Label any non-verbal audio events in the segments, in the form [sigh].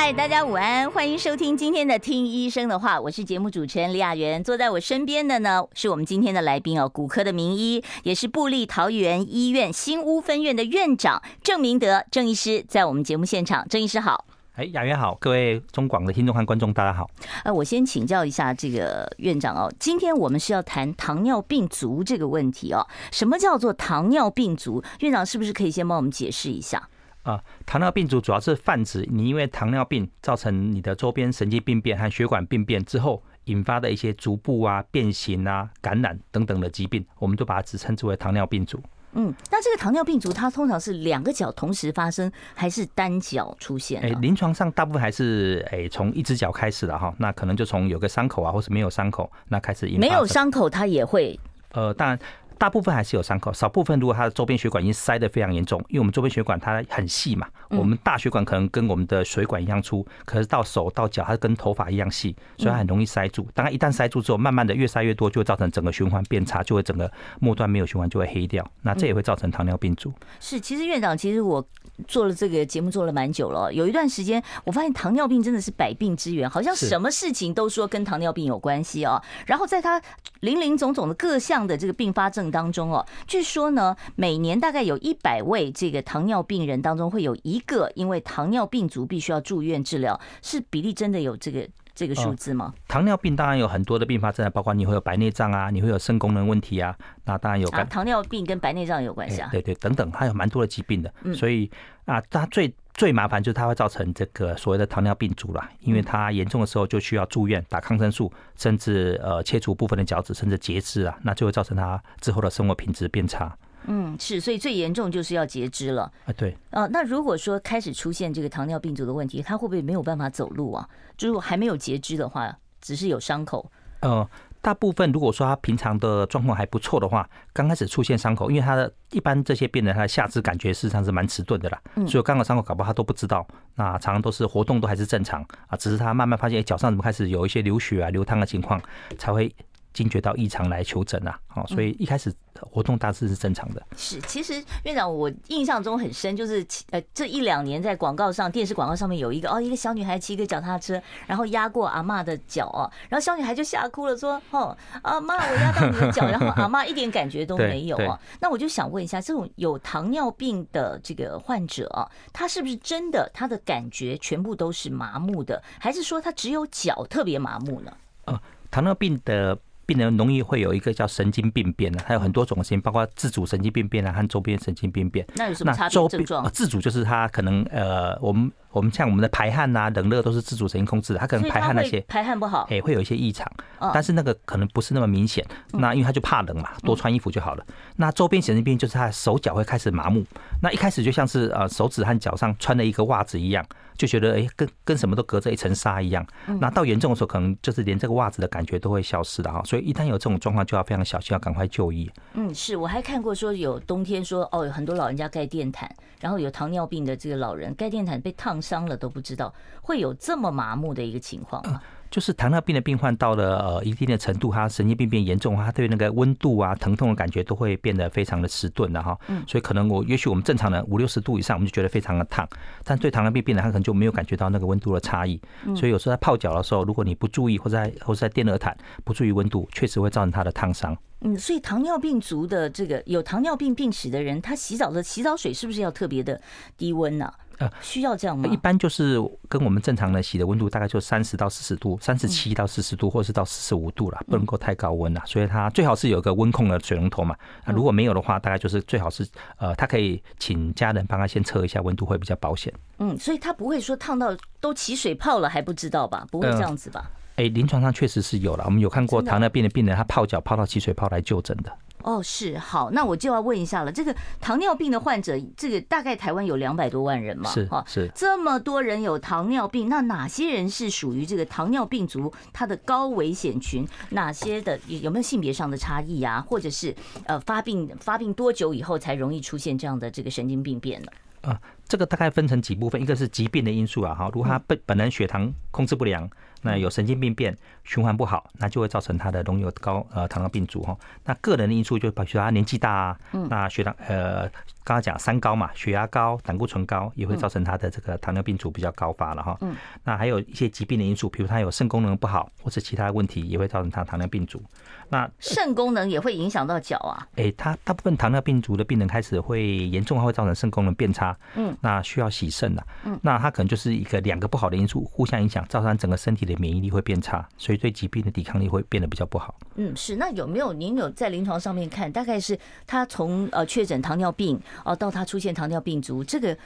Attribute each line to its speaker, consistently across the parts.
Speaker 1: 嗨，Hi, 大家午安，歡迎收聽今天的《聽醫生的話》，我是節目主持人李雅媛。坐在我身邊的呢，是我們今天的來賓哦，骨科的名醫，也是部立桃園醫院新屋分院的院長鄭明德鄭醫師，在我們節目現場。鄭醫師好，
Speaker 2: 哎，雅媛好，各位中廣的聽眾和觀眾，大家好。
Speaker 1: 呃、啊，我先請教一下這個院長哦，今天我們是要談糖尿病足這個問題哦，什麼叫做糖尿病足？院長是不是可以先幫我們解釋一下？啊、呃，
Speaker 2: 糖尿病足主要是泛指你因為糖尿病造成你的周邊神經病變和血管病變之後引發的一些足部啊，變形啊，感染等等的疾病，我們就把它只稱之為糖尿病足。
Speaker 1: 嗯，那這個糖尿病足它通常，是兩個腳同時發生，還是單腳出現？誒、欸，
Speaker 2: 臨床上大部分還是誒、欸、從一隻腳開始的哈，那可能就從有個傷口啊，或是沒有傷口那開始引發。沒有傷
Speaker 1: 口它也會？
Speaker 2: 呃，但。大部分還是有傷口，少部分如果它的周邊血管已經塞得非常嚴重，因為我們周邊血管它很細嘛，我們大血管可能跟我們的水管一樣粗，嗯、可是到手到腳它是跟頭髮一樣細，所以它很容易塞住。當然一旦塞住之後，慢慢的越塞越多，就會造成整個循環變差，就會整個末端沒有循環就會黑掉。那這也會造成糖尿病足。
Speaker 1: 是，其實院長，其實我做了這個節目做了蠻久了，有一段時間我發現糖尿病真的是百病之源，好像什麼事情都說跟糖尿病有關係哦。是然後在他林林總總的各項的這個併發症。當中哦、喔，據說呢，每年大概有一百位這個糖尿病人當中，會有一個因為糖尿病足必須要住院治療。是比例真的有這個？這個數字嗎、嗯？
Speaker 2: 糖尿病當然有很多的併發症，包括你會有白內障啊，你會有腎功能問題啊。那當然有跟、啊、糖
Speaker 1: 尿病跟白內障有關係啊、欸。
Speaker 2: 對對，等等，它有蠻多的疾病的。嗯、所以啊，它最最麻煩就是它會造成這個所謂的糖尿病足了，因為它嚴重的時候就需要住院打抗生素，甚至呃切除部分的腳趾，甚至截肢啊，那就會造成它之後的生活品質變差。
Speaker 1: 嗯，是，所以最嚴重就是要截肢了啊、呃。對啊、呃，那如果說，開始出現這個糖尿病足的問題，他會不會沒有辦法走路啊？就是還沒有截肢的話，只是有傷口。
Speaker 2: 呃，大部分如果說他平常的狀況還不錯的話，剛開始出現傷口，因為他的一般這些病人，他的下肢感覺實際上是蠻遲鈍的啦，嗯、所以剛好傷口搞不好他都不知道。那常常都是活動都還是正常啊，只是他慢慢發現，哎，腳上怎麼開始有一些流血啊、流湯的情況，才會。驚覺到異常來求診啊。好、哦，所以一開始活動大致是正常的。是，
Speaker 1: 其實院長，我印象中很深，就是呃，這一兩年在廣告上、電視廣告上面有一個哦，一個小女孩騎一個腳踏車，然後壓過阿媽的腳、哦，然後小女孩就嚇哭了，說：“哦阿媽，我壓到你的腳。” [laughs] 然後阿媽一點感覺都沒有啊、哦。那我就想問一下，這種有糖尿病的這個患者啊，他是不是真的他的感覺全部都是麻木的，還是說他只有腳特別麻木
Speaker 2: 呢、呃？糖尿病的。病人容易會有一個叫神經病變的、啊，有很多種類型，包括自主神經病變啊和周邊神經病變。那有什麼差別？症狀、呃、自主就是它可能呃，我們我們像我們的排汗吶、啊、冷熱都是自主神經控制的，它可能排汗那些排汗不好，誒、欸，會有一些異常，但是那個可能不是那麼明顯。那因為他就怕冷嘛，嗯、多穿衣服就好了。那周邊神經病就是他手腳會開始麻木，那一開始就像是呃手指和腳上穿了一個襪子一樣。就覺得哎，跟跟什麼都隔着一層紗一樣。那到嚴重的時候，可能就是連這個襪子的感覺都會消失的哈。所以一旦有這種狀況，就要非常小心，要趕快就醫。
Speaker 1: 嗯，是我還看過說有冬天說哦，有很多老人家蓋電毯，然後有糖尿病的這個老人蓋電毯被燙傷了都不知道，會有這麼麻木的一個情況嗎？
Speaker 2: 就是糖尿病的病患到了呃一定的程度，他神經病變嚴重的話，他對那個溫度啊、疼痛的感覺都會變得非常的遲鈍的哈。嗯，所以可能我也許我們正常人五六十度以上，我們就覺得非常的燙，但對糖尿病病人他可能就沒有感覺到那個溫度的差異。嗯，所以有時候在泡腳的時候，如果你不注意，或者在或者在電熱毯不注意溫度，確實會造成他的燙傷。
Speaker 1: 嗯，所以糖尿病足的這個有糖尿病病史的人，他洗澡的洗澡水是不是要特別的低溫呢、啊？呃，需要這樣嗎？一
Speaker 2: 般就是跟我們正常的洗的溫度大概就三十到四十度，三十七到四十度，嗯、或是到四十五度了，不能夠太高溫了。所以他最好是有一個溫控的水龍頭嘛。那、嗯、如果沒有的話，大概就是最好是呃，他可以請家人幫他先測一下溫度，會比較保險。
Speaker 1: 嗯，所以他不會說燙到都起水泡了還不知道吧？不會這樣子吧？嗯
Speaker 2: 哎，欸、臨床上確實是有了，我們有看過糖尿病的病人，真的？他泡腳泡到起水泡來就診的。
Speaker 1: 哦，是好，那我就要問一下了，這個糖尿病的患者，這個大概台灣有兩百多萬人嘛？是啊，是、哦、這麼多人有糖尿病，那哪些人是屬於這個糖尿病足？他的高危險群？哪些的有沒有性別上的差異啊？或者是呃，發病發病多久以後才容易出現這樣的這個神經病變呢？
Speaker 2: 啊，這個大概分成幾部分，一個是疾病的因素啊，哈、哦，如果他本本來血糖控制不良。那有神經病變，循環不好，那就會造成他的溶有高呃糖尿病足哈、哦。那個人的因素就是，比如說他年紀大啊，嗯、那血糖呃。剛剛講三高嘛，血壓高、膽固醇高，也會造成他的這個糖尿病足比較高發了哈。嗯。那還有一些疾病的因素，比如他有腎功能不好或者其他問題，也會造成他糖尿病足。那
Speaker 1: 腎功能也會影響到腳啊？
Speaker 2: 哎、欸，他大部分糖尿病足的病人開始會嚴重的會造成腎功能變差。嗯。那需要洗腎了、啊。嗯。那他可能就是一個兩個不好的因素互相影響，造成整個身體的免疫力會變差，所以對疾病的抵抗力會變得比較不好。
Speaker 1: 嗯，是。那有沒有您有在臨床上面看，大概是他從呃確診糖尿病？哦，到他出現糖尿病足，這個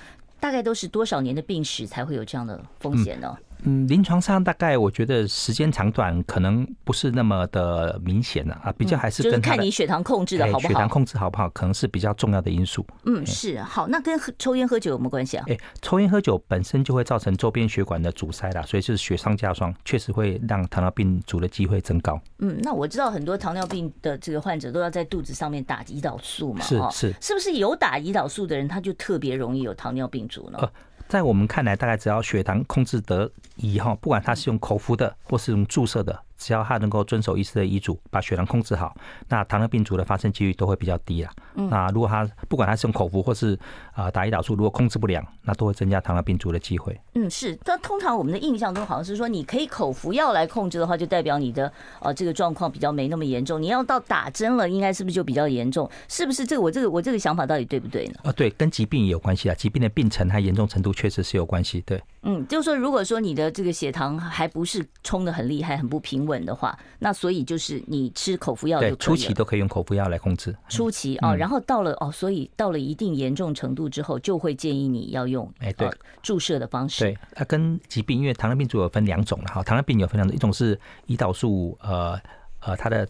Speaker 1: 大概都是多少年的病史才會有這樣的風險呢、哦？嗯
Speaker 2: 嗯，臨床上大概我覺得時間長短可能不是那麼的明顯啊，啊，比較還是跟的、嗯、就是看你
Speaker 1: 血糖控制的好不好、欸，血糖控
Speaker 2: 制好不好，可能是比較重要的因素。嗯，是、啊欸、好，那跟抽菸喝酒有沒有關係啊？哎、欸，抽菸喝酒本身就會造成周邊血管的阻塞啦，所以就是雪上加霜，確實會讓糖尿病足的機會增高。嗯，
Speaker 1: 那我知道很多糖尿病的這個患者都要在肚子上面打胰島素嘛，是是、哦，是不是有打胰島素的人他就特別容易有糖尿病足呢？呃
Speaker 2: 在我們看來，大概只要血糖控制得宜哈，不管它是用口服的或是用注射的。只要他能夠遵守醫師的醫囑，把血糖控制好，那糖尿病足的發生幾率都會比較低啦。嗯，那如果他不管他是用口服或是啊打胰島素，如果控制不良，那都會增加糖尿病足的機會。
Speaker 1: 嗯，是。但通常我們的印象中好像是說，你可以口服藥來控制的話，就代表你的呃這個狀況比較沒那麼嚴重。你要到打針了，應該是不是就比較嚴重？是不是這個我這個我這個想法到底對不對呢？
Speaker 2: 啊，呃，對，跟疾病也有關係啊。疾病的病程它嚴重程度確實是有關係，對。
Speaker 1: 嗯，就是說，如果說你的這個血糖還不是衝的很厲害、很不平穩的話，那所以就是你吃口服藥就可以對初期都
Speaker 2: 可以用口服藥來控制。
Speaker 1: 初期哦，嗯、然後到了哦，所以到了一定嚴重程度之後，就會建議你要用哎、呃、對
Speaker 2: 注射的方式。對、它、啊、跟疾病，因為糖尿病主要有分兩種了哈，糖尿病有分兩種，一種是胰島素呃呃它的。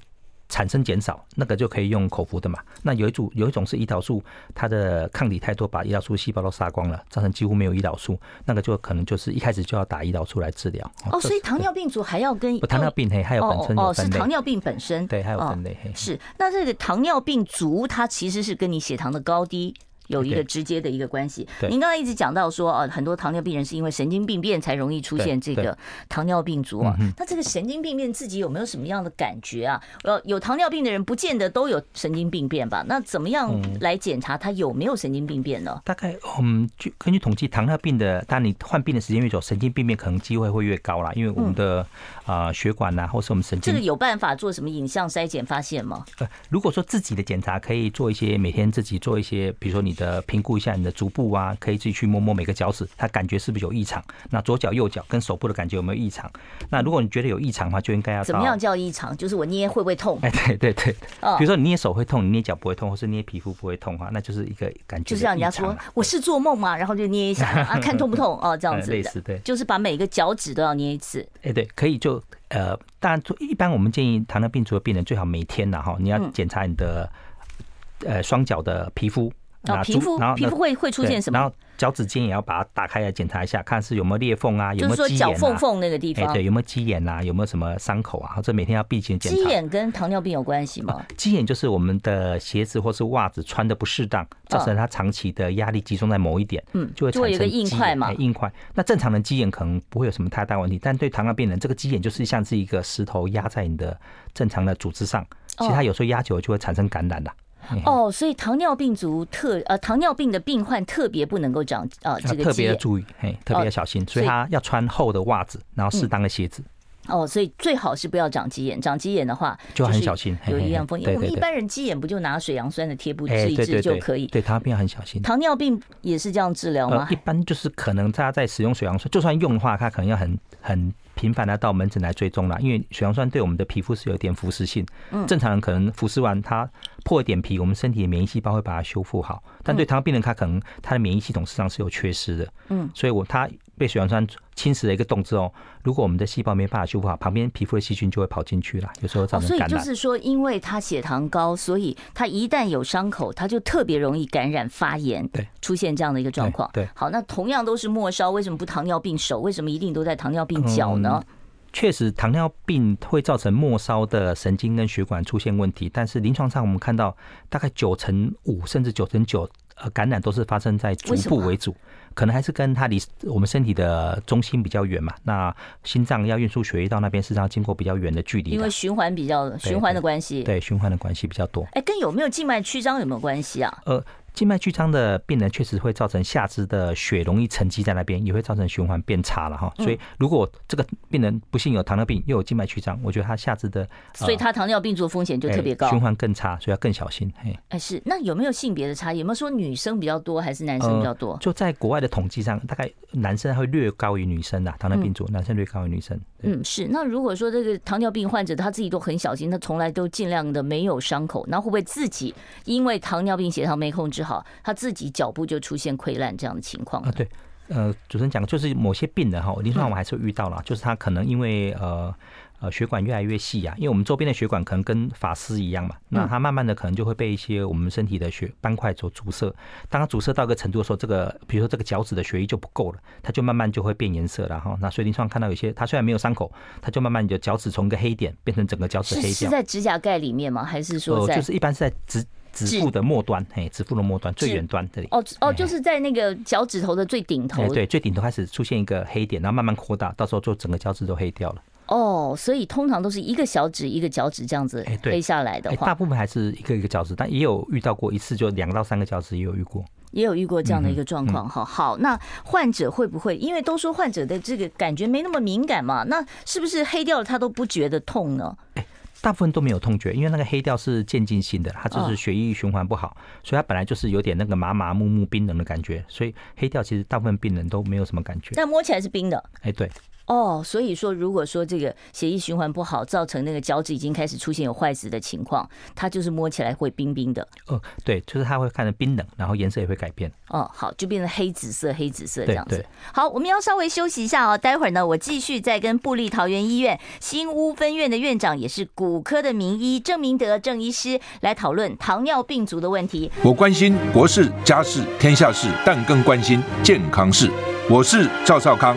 Speaker 2: 產生減少，那個就可以用口服的嘛。那有一組有一種是胰島素，它的抗體太多，把胰島素細胞都殺光了，造成幾乎沒有胰島素，那個就可能就是一開始就要打胰島素來治療。哦，是所以糖尿
Speaker 1: 病足還要跟不要糖尿病
Speaker 2: 黑，還有本身有哦哦是糖尿
Speaker 1: 病本身對，還有分類黑、哦、嘿是那這個糖尿病足它其實是跟你血糖的高低。有一個直接的一個關係。您剛剛一直講到說，呃，啊，很多糖尿病人是因為神經病變才容易出現這個糖尿病足啊。嗯，那這個神經病變自己有沒有什麼樣的感覺啊？呃，有糖尿病的人不見得都有神經病變吧？那怎麼樣來檢查他有沒有神經病變呢？嗯，大概，
Speaker 2: 嗯，就根據統計，糖尿病的，當你患病的時間越久，神經病變可能機會會越高啦，因為我們的。嗯啊，呃、血管吶、啊，或是我們神經，這個有
Speaker 1: 辦法做什麼影像篩檢發現嗎？不，
Speaker 2: 呃、如果說自己的檢查，可以做一些每天自己做一些，比如說你的評估一下你的足部啊，可以自己去摸摸每個腳趾，它感覺是不是有異常？那左腳、右腳跟手部的感覺有沒有異常？那如果你覺得有異常的話，就應該要怎麼樣
Speaker 1: 叫異常？就是我捏會不會痛？哎，
Speaker 2: 對對對，哦、比如說你捏手會痛，你捏腳不會痛，或是捏皮膚不會痛啊，那就是一個感覺。啊、就是讓人家說
Speaker 1: 我是做夢嗎、啊？對 然後就捏一下啊，看痛不痛哦、啊， [laughs] 這樣子類似對，就是把每個腳趾都要捏一次。
Speaker 2: 哎，對，可以就。呃，當然，一般我們建議糖尿病足的病人最好每天然哈，你要檢查你的、嗯、呃雙腳的皮膚。啊那、哦，皮膚然後那皮膚會對會出現什麼？然後腳趾尖也要把它打開來檢查一下，看是有沒有裂縫啊，有沒有雞眼啊？腳縫
Speaker 1: 縫那個地方、欸，對，有
Speaker 2: 沒有雞眼啊？有沒有什麼傷口啊？或者每天要密切檢查。雞
Speaker 1: 眼跟糖尿病有關係嗎？
Speaker 2: 雞眼、啊、就是我們的鞋子或是襪子穿得不適當，造成它長期的壓力集中在某一點，嗯，就會產生有一個硬塊嘛。欸、硬塊。那正常的雞眼可能不會有什麼太大問題，但對糖尿病人，這個雞眼就是像是一個石頭壓在你的正常的組織上，其他有時候壓久了就會產生感染的。哦
Speaker 1: 哦，所以糖尿病足特、呃，糖尿病的病患特別不能夠長、呃，這個特別要注
Speaker 2: 意，嘿，特別要小心，哦、所以，所以他要穿厚的襪子，然後適當的鞋子，
Speaker 1: 嗯。哦，所以最好是不要長雞眼，長雞眼的話就很小心，有營養風險。我們一般人雞眼不就拿水楊酸的貼布治一治就可以對對
Speaker 2: 對，對，糖尿病很小心，糖
Speaker 1: 尿病也是這樣治療嗎、呃？一
Speaker 2: 般就是可能他在使用水楊酸，就算用的話，他可能要很很。頻繁的到門診來追蹤啦，因為水楊酸對我們的皮膚是有點腐蝕性。嗯，正常人可能腐蝕完它破一點皮，我們身體的免疫細胞會把它修復好。但對糖尿病人，他可能他的免疫系統實際上是有缺失的。嗯，所以我他。被水楊酸侵蝕的一個洞之後，如果我們的細胞沒辦法修復好，旁邊皮膚的細菌就會跑進去了，有時候造成感染，哦。所以就是
Speaker 1: 說，因為他血糖高，所以他一旦有傷口，它就特別容易感染發炎，對，出現這樣的一個狀況。對，好，那同樣都是末梢，為什麼不糖尿病手，為什麼一定都在糖尿病腳呢？嗯，
Speaker 2: 確實，糖尿病會造成末梢的神經跟血管出現問題，但是臨床上我們看到，大概九成五甚至九成九，呃，感染都是發生在足部為主。為可能還是跟它離我們身體的中心比較遠嘛？那心臟要運輸血液到那邊，事實上經過比較遠的距離，因為
Speaker 1: 循環比較循環的關係，對，
Speaker 2: 對，對循環的關係比較多。哎、
Speaker 1: 欸，跟有沒有靜脈曲張有沒有關係啊？
Speaker 2: 呃。靜脈曲張的病人確實會造成下肢的血容易沉積在那邊，也會造成循環變差了哈。嗯、所以如果這個病人不幸有糖尿病又有靜脈曲張，我覺得他下肢的，所以他
Speaker 1: 糖尿病足風險就特別高，呃，循環
Speaker 2: 更差，所以要更小心。嘿哎，
Speaker 1: 是那有沒有性別的差異？有沒有說女生比較多還是男生比較多？嗯、
Speaker 2: 就在國外的統計上，大概男生會略高於女生啦，糖尿病足，嗯、男生略高於女生。嗯，
Speaker 1: 是那如果說這個糖尿病患者他自己都很小心，他從來都盡量的沒有傷口，那會不會自己因為糖尿病血糖沒控制？好，他自己腳部就出現潰爛這樣的情況
Speaker 2: 啊？對，呃，主持人講就是某些病人哈，臨床上我們還是遇到了，嗯、就是他可能因為呃呃血管越來越細呀、啊，因為我們周邊的血管可能跟髮絲一樣嘛，嗯、那他慢慢的可能就會被一些我們身體的血斑塊所阻塞。當他阻塞到一個程度的時候，這個比如說這個腳趾的血液就不夠了，他就慢慢就會變顏色了哈。那所以臨床上看到有些他雖然沒有傷口，他就慢慢就腳趾從一個黑點變成整個腳趾黑掉。是，是在
Speaker 1: 指甲蓋裡面嗎？還是說在？呃、就是一般
Speaker 2: 是在指。指腹的末端，哎，指腹的末端最遠端直，這裡，哦
Speaker 1: 哦，就是在那個腳趾頭的最頂頭對。對，
Speaker 2: 最頂頭開始出現一個黑點，然後慢慢擴大，到時候就整個腳趾都黑掉
Speaker 1: 了。哦，所以通常都是一個小指一個腳趾這樣子黑下來的話、欸欸。大部
Speaker 2: 分還是一個一個腳趾，但也有遇到過一次，就兩到三個腳趾也有遇過，
Speaker 1: 也有遇過這樣的一個狀況。哈、嗯，嗯、好，那患者會不會？因為都說患者的這個感覺沒那麼敏感嘛，那是不是黑掉了他都不覺得痛呢？欸
Speaker 2: 大部分都沒有痛覺，因為那個黑掉是漸進性的，它就是血液循環不好，oh. 所以它本來就是有點那個麻麻木木冰冷的感覺，所以黑掉其實大部分病人都沒有什麼感覺。但摸起來是冰的。哎、欸，對。
Speaker 1: 哦，oh, 所以說，如果說這個血液循環不好，造成那個腳趾已經開始出現有壞死的情況，它就是摸起來會冰冰的。
Speaker 2: 哦，oh, 對，就是它會看着冰冷，然後顏色也會改變。
Speaker 1: 哦，oh, 好，就變成黑紫色、黑紫色這樣子。對對，好，我們要稍微休息一下哦。待會兒呢，我繼續再跟部立桃園醫院新屋分院的院長，也是骨科的名醫鄭明德鄭醫師來討論糖尿病足的問題。
Speaker 3: 我關心國事、家事、天下事，但更關心健康事。我是趙少康。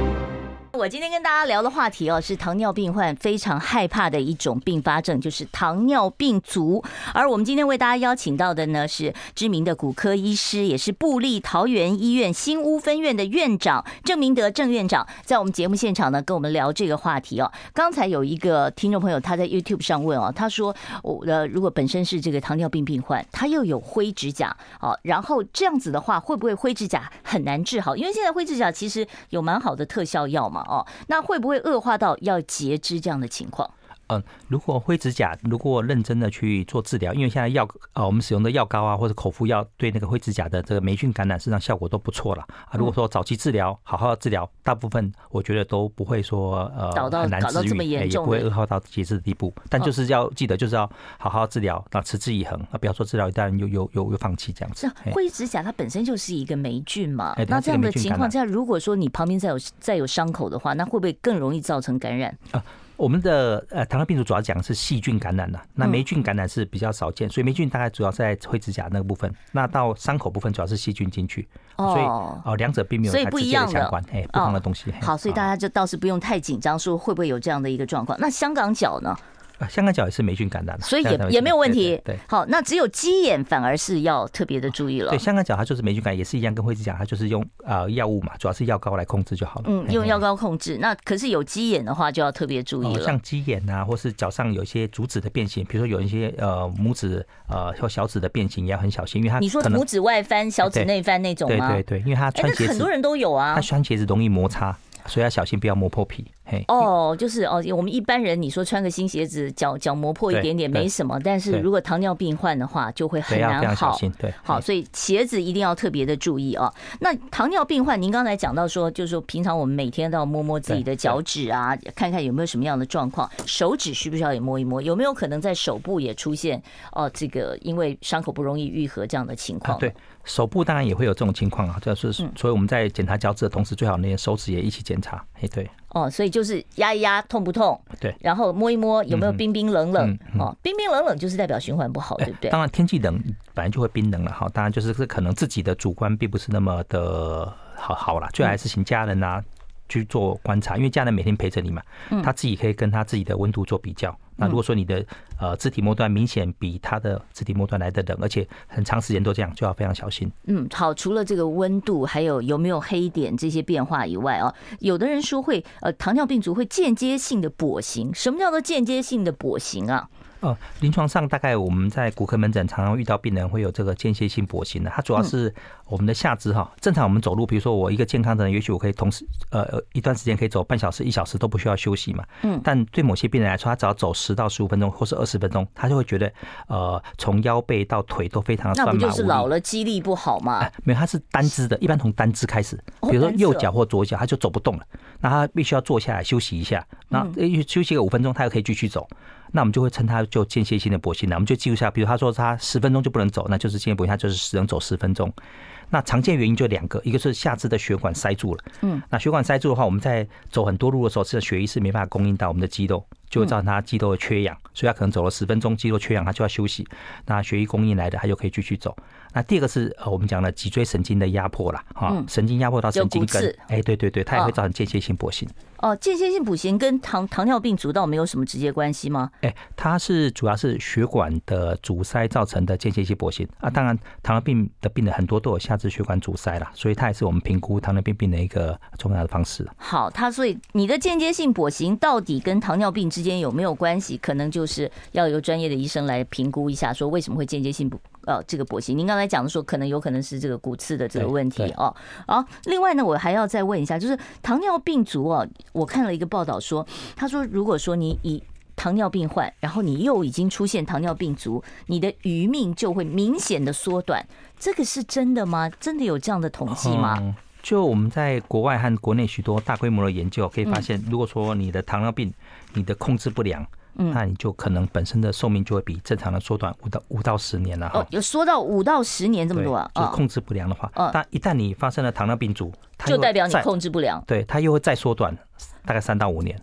Speaker 1: 我今天跟大家聊的話題哦，是糖尿病患非常害怕的一種併發症，就是糖尿病足。而我們今天為大家邀請到的呢，是知名的骨科醫師，也是部立桃園醫院新屋分院的院長鄭明德鄭院長，在我們節目現場呢，跟我們聊這個話題哦。剛才有一個聽眾朋友他在 YouTube 上問哦，他說：我呃，如果本身是這個糖尿病病患，他又有灰指甲哦，然後這樣子的話，會不會灰指甲很難治好？因為現在灰指甲其實有蠻好的特效藥嘛。哦，那會不會惡化到要截肢這樣的情況？
Speaker 2: 嗯、呃，如果灰指甲，如果認真的去做治療，因為現在藥啊、呃，我們使用的藥膏啊，或者口服藥，對那個灰指甲的這個黴菌感染，實際上效果都不錯了啊。如果說早期治療，好好治療，大部分我覺得都不會說呃搞到很難治癒，欸，也不會惡化到截肢的地步。但就是要記得，就是要好好治療，那持之以恆、哦、啊，不要說治療，一旦又又又又放棄這樣子。灰
Speaker 1: 指甲它本身就是一個黴菌嘛，欸、那這樣的情況下，如果說你旁邊再有再有傷口的話，那會不會更容易造成感染
Speaker 2: 啊？呃我們的呃，糖尿病足主要講是細菌感染了、啊，那霉菌感染是比較少見，嗯、所以霉菌大概主要在灰指甲那個部分，那到傷口部分主要是細菌進去，哦、所以哦，兩者並沒有太直接的相關，哎，不同的東西、哦。好，所以
Speaker 1: 大家就倒是不用太緊張，哦、說會不會有這樣的一個狀況？那香港腳呢？
Speaker 2: 香港腳也是霉菌感染的，所以也也沒有問題。對，對，對，
Speaker 1: 好，那只有雞眼反而是要特別的注意了。對，香
Speaker 2: 港腳它就是霉菌感染，也是一樣。跟灰指甲，它就是用啊藥、呃、物嘛，主要是藥膏來控制就好
Speaker 1: 了。嗯，用藥膏控制。嘿嘿，那可是有雞眼的話，就要特別注意了。哦、像
Speaker 2: 雞眼啊，或是腳上有一些足趾的變形，比如說有一些呃拇指呃或小指的變形，也要很小心，因為它，你說拇指
Speaker 1: 外翻、小指內翻那種嗎？對，對對對，
Speaker 2: 因為它穿鞋子、欸、很多人都有啊，它穿鞋子容易摩擦，所以要小心，不要磨破皮。
Speaker 1: 哦，就是哦，我們一般人你說穿個新鞋子，腳腳磨破一點點對沒什麼，但是如果糖尿病患，的話，對就會很難好。要非常小心，對，好，所以鞋子一定要特別的注意哦。那糖尿病患，您剛才講到說，就是說平常我們每天都要摸摸自己的腳趾啊，看看有沒有什麼樣的狀況，手指需不需要也摸一摸？有沒有可能在手部也出現哦？這個因為傷口不容易愈合這樣的情況嗎？啊，對，
Speaker 2: 手部當然也會有這種情況啊。就是所以我們在檢查腳趾的同時，最好那些手指也一起檢查。誒，對。
Speaker 1: 哦，所以就是壓一壓，痛不痛？對，然後摸一摸，有沒有冰冰冷冷，冷？嗯嗯嗯、哦，冰冰冷冷就是代表循環不好，欸，對不對？當
Speaker 2: 然天氣冷，反正就會冰冷了。哈，當然就是可能自己的主觀並不是那麼的好好了，最好還是請家人吶、啊。嗯去做觀察，因為家人每天陪着你嘛，他自己可以跟他自己的溫度做比較。嗯、那如果說你的呃肢體末端明顯比他的肢體末端來得冷，而且很長時間都這樣，就要非常小心。
Speaker 1: 嗯，好，除了這個溫度，還有有沒有黑點這些變化以外哦，有的人說會呃糖尿病足會間接性的跛行，什麼叫做間接性的跛行啊？哦、
Speaker 2: 呃，臨床上大概我們在骨科門診常常遇到病人會有這個間歇性跛行的，它主要是。嗯我們的下肢哈，正常我們走路，比如說我一個健康的人，也許我可以同時呃一段時間可以走半小時、一小時都不需要休息嘛。嗯。但對某些病人來說，他只要走十到十五分鐘，或是二十分鐘，他就會覺得呃從腰背到腿都非常的酸麻無力。那不就是老
Speaker 1: 了肌力不好
Speaker 2: 嘛？哎，沒有，他是單肢的，一般從單肢開始，比如說右腳或左腳，他就走不動了，那、嗯、他必須要坐下來休息一下，那休息個五分鐘，他又可以繼續走。那我們就會稱他就間歇性的跛行了，我們就記錄下，比如說他說他十分鐘就不能走，那就是間歇跛行，他就是只能走十分鐘。那常見原因就兩個，一個是下肢的血管塞住了。嗯，那血管塞住的話，我們在走很多路的時候，這血液是沒辦法供應到我們的肌肉。就會造成他肌肉的缺氧，所以他可能走了十分鐘，肌肉缺氧，他就要休息。那血液供應來的，他就可以繼續走。那第二個是呃，我們講的脊椎神經的壓迫啦，哈，神經壓迫到神經根，哎，對對對，對，它也會造成間歇性跛行。
Speaker 1: 哦，間歇性跛行跟糖糖尿病足倒沒有什麼直接關係嗎？
Speaker 2: 哎，它是主要是血管的阻塞造成的間歇性跛行啊。當然，糖尿病的病人很多都有下肢血管阻塞啦，所以它也是我們評估糖尿病病的一個重要的方式。
Speaker 1: 好，它所以你的間歇性跛行到底跟糖尿病之之間有沒有關係？可能就是要由專業的醫生來評估一下，說為什麼會間接性不呃這個跛行。您剛才講的說，可能有可能是這個骨刺的這個問題哦。好，另外呢，我還要再問一下，就是糖尿病足哦，我看了一個報道說，他說如果說你以糖尿病患，然後你又已經出現糖尿病足，你的餘命就會明顯的縮短，這個是真的嗎？真的有這樣的統計嗎？嗯
Speaker 2: 就我們在國外和國內許多大規模的研究可以發現，如果說你的糖尿病，嗯、你的控制不良，嗯、那你就可能本身的壽命就會比正常的縮短五到五到十年了。哦，
Speaker 1: 有縮到五到十年這麼多，啊，就控
Speaker 2: 制不良的話，哦，但一旦你發生了糖尿病足，哦，就代表你控制不良，對，它又會再縮短大概三到五年，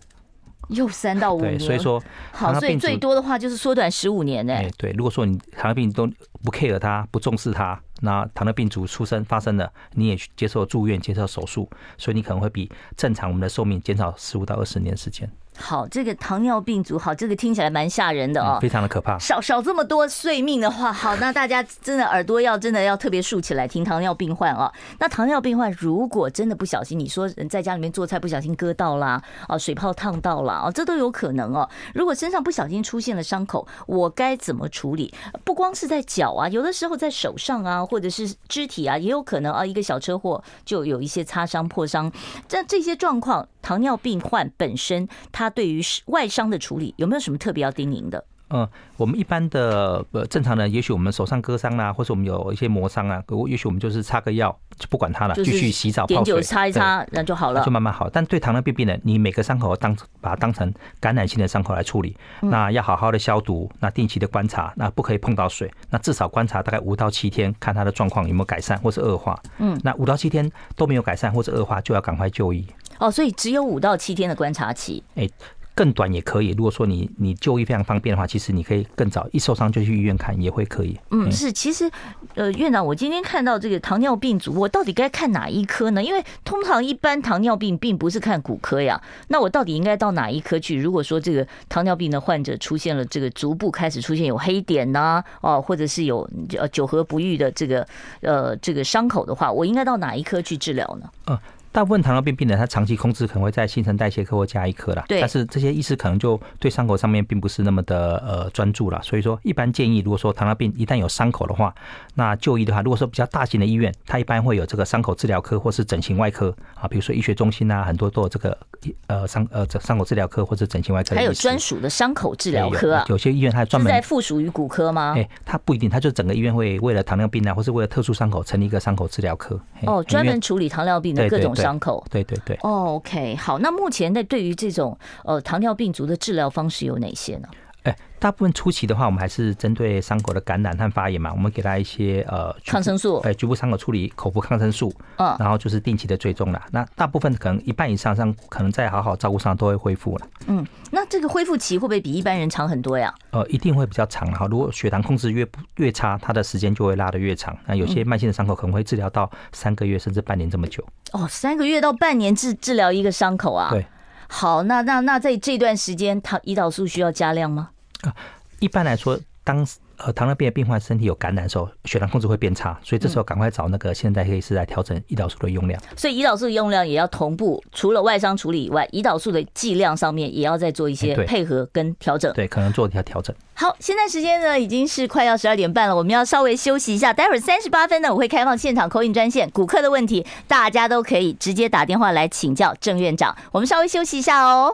Speaker 1: 又三到五年對，所以說好，所以最多的話就是縮
Speaker 2: 短十五年呢，欸。對，如果說你糖尿病都不 care 它，不重視它。那糖尿病足出生發生了，你也接受住院，接受手術，所以你可能會比正常我們的壽命減少十五到二十年時間。
Speaker 1: 好，這個糖尿病足好，這個聽起來蠻嚇人的哦、嗯，非
Speaker 2: 常的可怕。少
Speaker 1: 少這麼多歲命的話，好，那大家真的耳朵要真的要特別豎起來聽糖尿病患哦。那糖尿病患如果真的不小心，你說在家裡面做菜不小心割到啦，啊，水泡燙到了啊，這都有可能哦。如果身上不小心出現了傷口，我該怎麼處理？不光是在腳啊，有的時候在手上啊，或者是肢體啊，也有可能啊，一個小車禍就有一些擦傷、破傷。這這些狀況，糖尿病患本身他。對於外傷的處理有沒有什麼特別要叮嚀的？
Speaker 2: 嗯，我們一般的呃正常的，也許我們手上割傷啊，或者我們有一些磨傷啊，也許我們就是擦個藥就不管它了，繼續洗澡、X X, 泡水，擦、嗯、一擦，
Speaker 1: 那就好了，嗯、就
Speaker 2: 慢慢好。但對糖尿病病人，你每個傷口當把它當成感染性的傷口來處理，嗯、那要好好的消毒，那定期的觀察，那不可以碰到水，那至少觀察大概五到七天，看它的狀況有沒有改善或是惡化。嗯，那五到七天都沒有改善或者惡化，就要趕快就醫。哦，所以只有五到七天的觀察期。哎，更短也可以。如果說你你就醫非常方便的話，其實你可以更早一受傷就去醫院看也會可以。嗯，
Speaker 1: 嗯是，其實，呃，院長，我今天看到這個糖尿病足，我到底該看哪一科呢？因為通常一般糖尿病並不是看骨科呀，那我到底應該到哪一科去？如果說這個糖尿病的患者出現了這個足部開始出現有黑點呢、啊，哦、呃，或者是有呃久合不癒的這個呃這個傷口的話，我應該到哪一科去治療呢？嗯、
Speaker 2: 呃。大部分糖尿病病人，他長期控制可能會在新陳代謝科或家醫科啦。但是這些醫師可能就對傷口上面並不是那麼的呃專注啦。所以說一般建議，如果說糖尿病一旦有傷口的話，那就醫的話，如果說比較大型的醫院，它一般會有這個傷口治療科，或是整形外科啊，比如說醫學中心啊，很多都有這個呃傷呃傷口治療科或者整形外科，還有
Speaker 1: 專屬的傷口治療科啊。
Speaker 2: 有些醫院它專門在附
Speaker 1: 屬於骨科嗎？哎、欸，
Speaker 2: 它不一定，它就整個醫院會為了糖尿病啊，或是為了特殊傷口成立一個傷口治療科。欸、哦，專門
Speaker 1: 處理糖尿病的各種傷口。對對對，對，對，對，對、哦。OK，好。那目
Speaker 2: 前在對於這種呃糖尿病足的治療方式有哪些呢？大部分初期的話，我們還是針對傷口的感染和發炎嘛，我們給他一些呃抗生素，哎，局部傷口處理，口服抗生素，嗯，然後就是定期的追蹤了。那大部分可能一半以上上，可能在好好照顧上都會恢復了。
Speaker 1: 嗯，那這個恢復期會不會比一般人長很多呀？
Speaker 2: 呃，一定會比較長哈、啊。如果血糖控制越越差，它的時間就會拉得越長。那有些慢性的傷口可能會治療到三個月甚至半年這麼久。
Speaker 1: 哦，三個月到半年治治療一個傷口啊？對。好，那那那在這段時間，他胰島素需要加量嗎？
Speaker 2: 一般來說，當呃糖尿病病患身體有感染的時候，血糖控制會變差，所以這時候趕快找那個現代醫師來調整胰島素的用量。
Speaker 1: 所以胰島素的用量也要同步，除了外傷處理以外，胰島素的劑量上面也要再做一些配合跟調整，
Speaker 2: 欸對。對，可能做一下調整。
Speaker 1: 好，現在時間呢已經是快要十二點半了，我們要稍微休息一下。待會兒三十八分呢，我會開放現場 call in 專線，骨科的問題大家都可以直接打電話來請教鄭院長。我們稍微休息一下哦。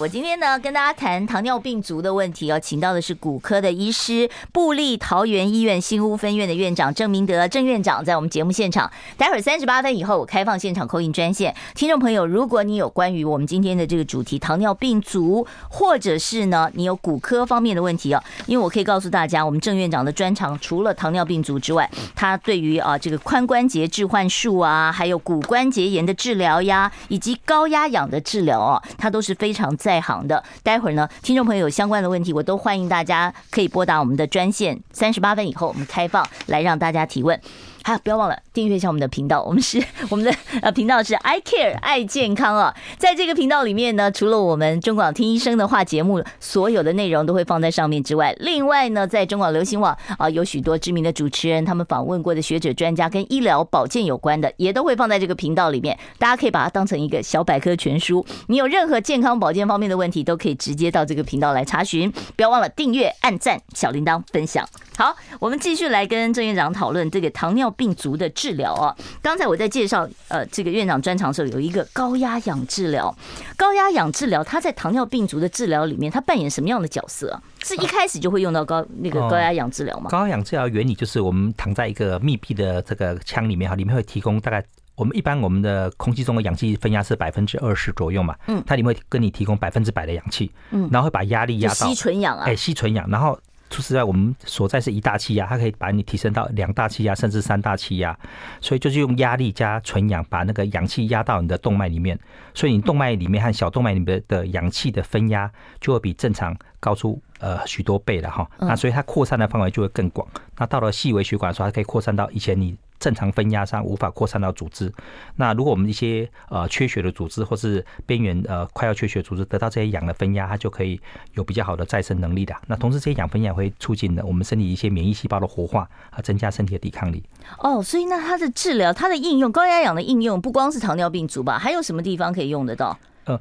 Speaker 1: 我今天呢，跟大家談糖尿病足的問題哦、啊，請到的是骨科的醫師，部立桃園醫院新屋分院的院長鄭明德鄭院長，在我們節目現場。待會兒三十八分以後，我開放現場 call in 專線，聽眾朋友，如果你有關於我們今天的這個主題糖尿病足，或者是呢你有骨科方面的問題哦、啊，因為我可以告訴大家，我們鄭院長的專長除了糖尿病足之外，他對於啊這個髖關節置換術啊，還有骨關節炎的治療呀，以及高壓氧的治療哦，他都是非常在。在行的，待會兒呢，聽眾朋友有相關的問題，我都歡迎大家可以撥打我們的專線三十八分以後，我們開放來讓大家提問。還有不要忘了訂閱一下我們的頻道，我們是我們的呃頻道是 I Care 愛健康啊、哦，在這個頻道裡面呢，除了我們中廣聽醫生的話節目，所有的內容都會放在上面之外，另外呢，在中廣流行網啊，有許多知名的主持人，他們訪問過的學者、專家跟醫療保健有關的，也都會放在這個頻道裡面。大家可以把它當成一個小百科全書，你有任何健康保健方面的問題，都可以直接到這個頻道來查詢。不要忘了訂閱、按讚、小鈴鐺、分享。好，我們繼續來跟鄭院長討論這個糖尿病。病足的治療啊，剛才我在介紹呃這個院長專長的時候，有一個高壓氧治療。高壓氧治療，它在糖尿病足的治療裡面，它扮演什麼樣的角色、啊、是一開始就會用到高那個高壓氧治療嗎、哦哦？高
Speaker 2: 壓氧治療原理就是我們躺在一個密閉的這個腔裡面，哈，裡面會提供大概我們一般我們的空氣中的氧氣分壓是百分之二十左右嘛，嗯，它裡面會跟你提供百分之百的氧氣，嗯，然後會把壓力壓到，吸純、嗯、氧啊，哎、欸，吸純氧，然後。除此之外，我們所在是一大氣壓，它可以把你提升到兩大氣壓，甚至三大氣壓，所以就是用壓力加純氧，把那個氧氣壓到你的動脈裡面，所以你動脈裡面和小動脈裡面的氧氣的分壓就會比正常高出呃許多倍了哈，那所以它擴散的範圍就會更廣，那到了細微血管的時候，它可以擴散到以前你。正常分壓上無法擴散到組織，那如果我們一些呃缺血的組織或是邊緣呃快要缺血組織得到這些氧的分壓，它就可以有比較好的再生能力的。那同時這些氧分壓會促進的我們身體一些免疫細胞的活化，啊，增加身體的抵抗力。
Speaker 1: 哦，所以那它的治療，它的應用，高壓氧的應用不光是糖尿病足吧，還有什麼地方可以用得到？嗯。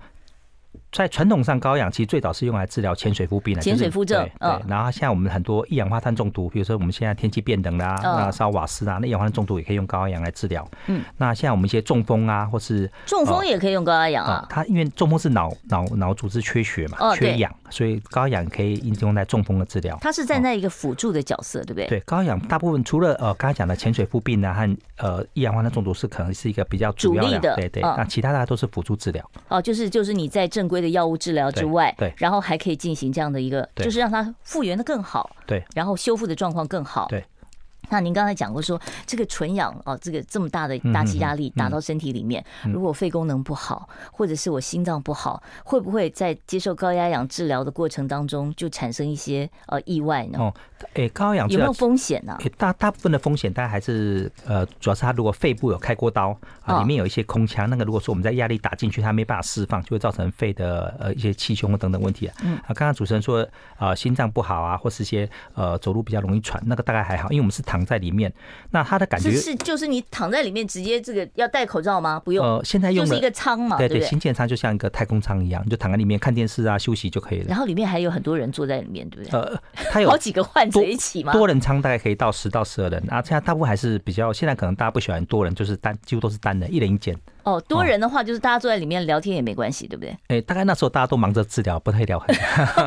Speaker 2: 在傳統上，高氧其實最早是用來治療潛水夫病的，潛水夫症。對，然後像我們很多一氧化碳中毒，比如說我們現在天氣變冷啦、啊，那燒瓦斯啊，那氧化碳中毒也可以用高壓氧來治療。嗯，那像我們一些中風啊，或是中風也
Speaker 1: 可以用高壓氧啊。
Speaker 2: 它因為中風是腦腦腦組織缺血嘛，缺氧，所以高壓氧可以應用在中風的治療。
Speaker 1: 它是站在一個輔助的
Speaker 2: 角色，對不對？對，高壓氧大部分除了呃剛才講的潛水夫病呢、啊、和呃一氧化碳中毒是可能是一個比較主要的，對對，那其他的都是輔助治療。
Speaker 1: 哦，就是就是你在正規。的藥物治療之外，對，對，然後還可以進行這樣的一個，對，就是讓它復原的更好，對，然後修復的狀況更好，對。那您剛才講過說，這個純氧哦，這個這麼大的大氣壓力打到身體裡面，嗯嗯嗯、如果肺功能不好，或者是我心臟不好，會不會在接受高壓氧治療的過程當中就產生一些呃意外呢？哦，哎，
Speaker 2: 高壓氧治療有沒有風險呢、啊？大大部分的風險，大概還是呃，主要是它如果肺部有開過刀啊，裡面有一些空腔，哦、那個如果說我們在壓力打進去，它沒辦法釋放，就會造成肺的呃一些氣胸等等問題、啊、嗯，啊，剛剛主持人說啊、呃，心臟不好啊，或是一些呃走路比較容易喘，那個大概還好，因為我們是躺。躺在裡面，那他的感覺是，是
Speaker 1: 就是你躺在裡面，直接這個要戴口罩嗎？不用，呃，現在用的是一個艙嘛，對，對對，新建
Speaker 2: 艙就像一個太空艙一樣，就躺在裡面看電視啊，休息就可以了。然
Speaker 1: 後裡面還有很多人坐在裡面，對不對？呃，他有好幾個患者一起嘛， [laughs] 多人
Speaker 2: 艙大概可以到十到十二人，人，到到人啊。現在大部分還是比較，現在可能大家不喜歡多人，就是單，幾乎都是單人，一人一間。
Speaker 1: 哦，多人的話就是大家坐在裡面聊天也沒關係，對不對？
Speaker 2: 哎、欸，大概那時候大家都忙着治療，不太聊很， [laughs]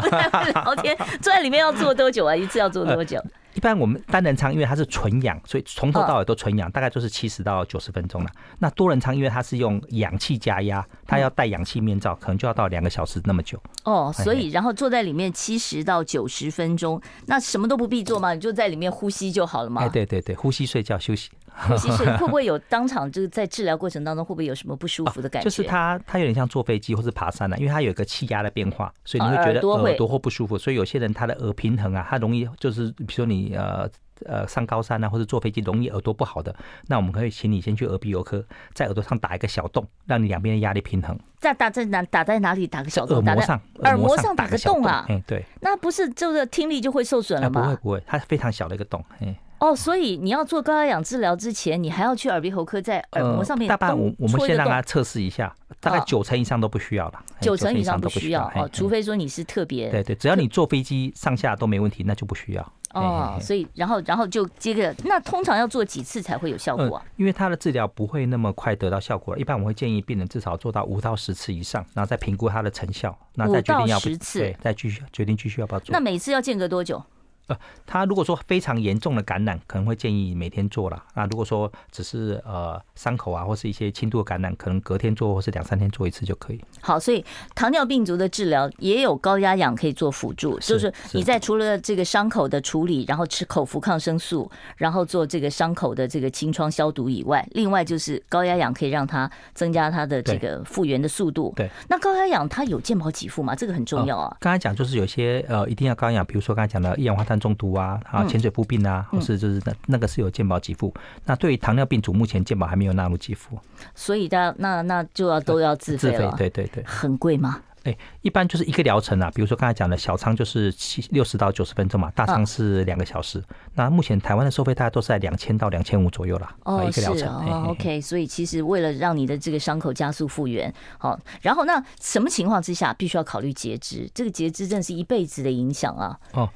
Speaker 2: 不太會
Speaker 1: 聊天。 [laughs] 坐在裡面要坐多久啊？一次要坐多久？呃
Speaker 2: 一般我們單人艙，因為它是純氧，所以從頭到尾都純氧，大概就是七十到九十分鐘了。Uh, 那多人艙，因為它是用氧氣加壓，它要戴氧氣面罩，可能就要到兩個小時那麼久。
Speaker 1: 哦、oh, so 嘿嘿，所以然後坐在裡面七十到九十分鐘，那什麼都不必做嘛，你就在裡面呼吸就好了嘛。哎，對
Speaker 2: 對對，呼吸、睡覺、休息。其實會不會
Speaker 1: 有當場就是在治療過程當中會不會有什麼不舒服的感覺？Oh, 就是它
Speaker 2: 它有點像坐飛機或是爬山啊，因為它有一個氣壓的變化，所以你會覺得耳朵或不舒服。所以有些人他的耳平衡啊，他容易就是比如說你呃呃上高山啊或者坐飛機容易耳朵不好的，那我們可以請你先去耳鼻喉科，在耳朵上打一個小洞，讓你兩邊的壓力平衡。
Speaker 1: 在打，打在哪？打在哪裡？打個小洞在耳膜上，耳膜上打個，洞，上個洞啊？嗯、欸，對。那不是就是聽力就會受損了嗎？欸、不會
Speaker 2: 不會，它非常小的一個洞，嗯、欸。
Speaker 1: 哦，所以你要做高壓氧治療之前，你還要去耳鼻喉科在耳膜上面、呃、大半我們戳我們先讓他
Speaker 2: 測試一下，哦、大概九成以上都不需要了，九成以上都不需要哦，除
Speaker 1: 非說你是特別對，對
Speaker 2: 對，只要你坐飛機上下都沒問題，那就不需要哦。所以
Speaker 1: 然後然後就接着，那通常要做幾次才會有效果、啊
Speaker 2: 呃、因為他的治療不會那麼快得到效果，一般我會建議病人至少做到五到十次以上，然後再評估他的成效，那再決定要不要，五到十次？對，再繼續決定繼續要不要做。那每
Speaker 1: 次要間隔多久？
Speaker 2: 呃，他如果說非常嚴重的感染，可能會建議每天做了。那如果說只是呃傷口啊，或是一些輕度的感染，可能隔天做或是兩三天做一次就可以。
Speaker 1: 好，所以糖尿病足的治療也有高壓氧可以做輔助，是是就是你在除了這個傷口的處理，然後吃口服抗生素，然後做這個傷口的這個清創消毒以外，另外就是高壓氧可以讓它增加它的這個復原的速度。對，對。那高壓氧它有健保給付嗎？這個很重要啊。
Speaker 2: 呃，剛才講就是有些呃一定要高壓氧，比如說剛才講的一氧化碳。中毒啊啊！潛水夫病啊，或、嗯嗯、是就是那那個是有健保給付。那對於糖尿病足，目前健保還沒有納入給付，
Speaker 1: 所以大家那那,那就要都要自費了自費。對對對，很貴嗎、
Speaker 2: 哎？一般就是一個療程啊，比如說剛才講的小倉就是七六十到九十分鐘嘛，大倉是兩個小時。啊、那目前台灣的收費大概都是在兩千到兩千五左右啦。哦，一個療程是、啊、哦
Speaker 1: ，OK。所以其實為了讓你的這個傷口加速復原，好、哦，然後那什麼情況之下必須要考慮截肢？這個截肢真的是一輩子的影響啊！哦。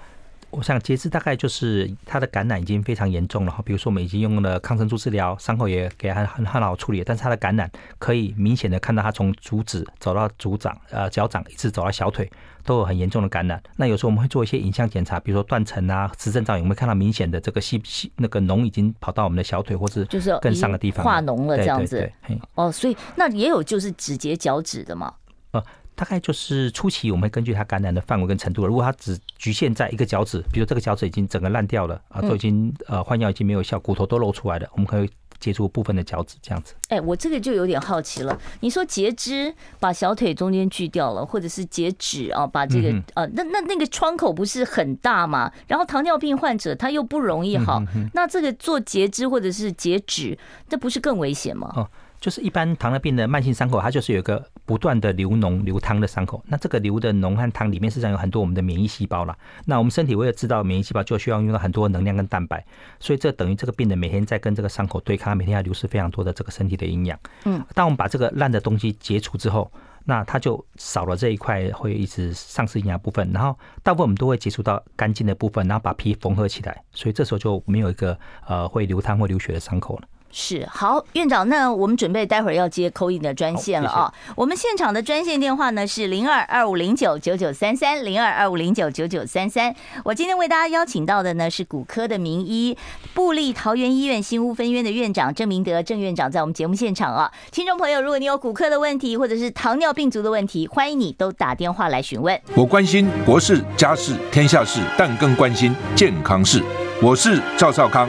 Speaker 2: 我想截肢大概就是他的感染已經非常嚴重了哈，比如說我們已經用了抗生素治療，傷口也給他很很好處理，但是他的感染可以明顯的看到他從足趾走到足掌，呃，腳掌一直走到小腿都有很嚴重的感染。那有時候我們會做一些影像檢查，比如說斷層啊、磁振造影，有沒有看到明顯的這個細細那個膿已經跑到我們的小腿，或是就是更上的地方化膿了這樣子。
Speaker 1: 對對對哦，所以那也有就是只截腳趾的嗎？呃
Speaker 2: 大概就是初期，我們會根據它感染的範圍跟程度，如果它只局限在一個腳趾，比如這個腳趾已經整個爛掉了啊，都已經呃換藥已經沒有效，骨頭都露出來了，我們可以切除部分的腳趾這樣子。
Speaker 1: 哎、欸，我這個就有點好奇了。你說截肢，把小腿中間鋸掉了，或者是截趾啊，把這個、嗯、呃那那那個窗口不是很大嗎？然後糖尿病患者他又不容易好，嗯嗯、那這個做截肢或者是截趾，這不是更危險嗎？
Speaker 2: 哦就是一般糖尿病的慢性傷口，它就是有一個不斷的流膿流湯的傷口。那這個流的膿和湯裡面實際上有很多我們的免疫細胞啦。那我們身體為了製造免疫細胞，就需要用到很多能量跟蛋白。所以這等於這個病人每天在跟這個傷口對抗，每天要流失非常多的這個身體的營養。嗯，當我們把這個爛的東西切除之後，那它就少了這一塊會一直喪失營養部分。然後大部分我們都會接觸到乾淨的部分，然後把皮縫合起來。所以這時候就沒有一個呃會流湯或流血的傷口了。
Speaker 1: 是好，院長。那我們準備待會兒要接 call in 的專線了啊、哦。謝謝。我們現場的專線電話呢是零二二五零九九九三三零二二五零九九九三三。我今天為大家邀請到的呢是骨科的名醫部立桃園醫院新屋分院的院長鄭明德鄭院長，在我們節目現場啊、哦。聽眾朋友，如果你有骨科的問題，或者是糖尿病足的問題，歡迎你都打電話來詢問。
Speaker 3: 我關心國事家事天下事，但更關心健康事。我是趙少康。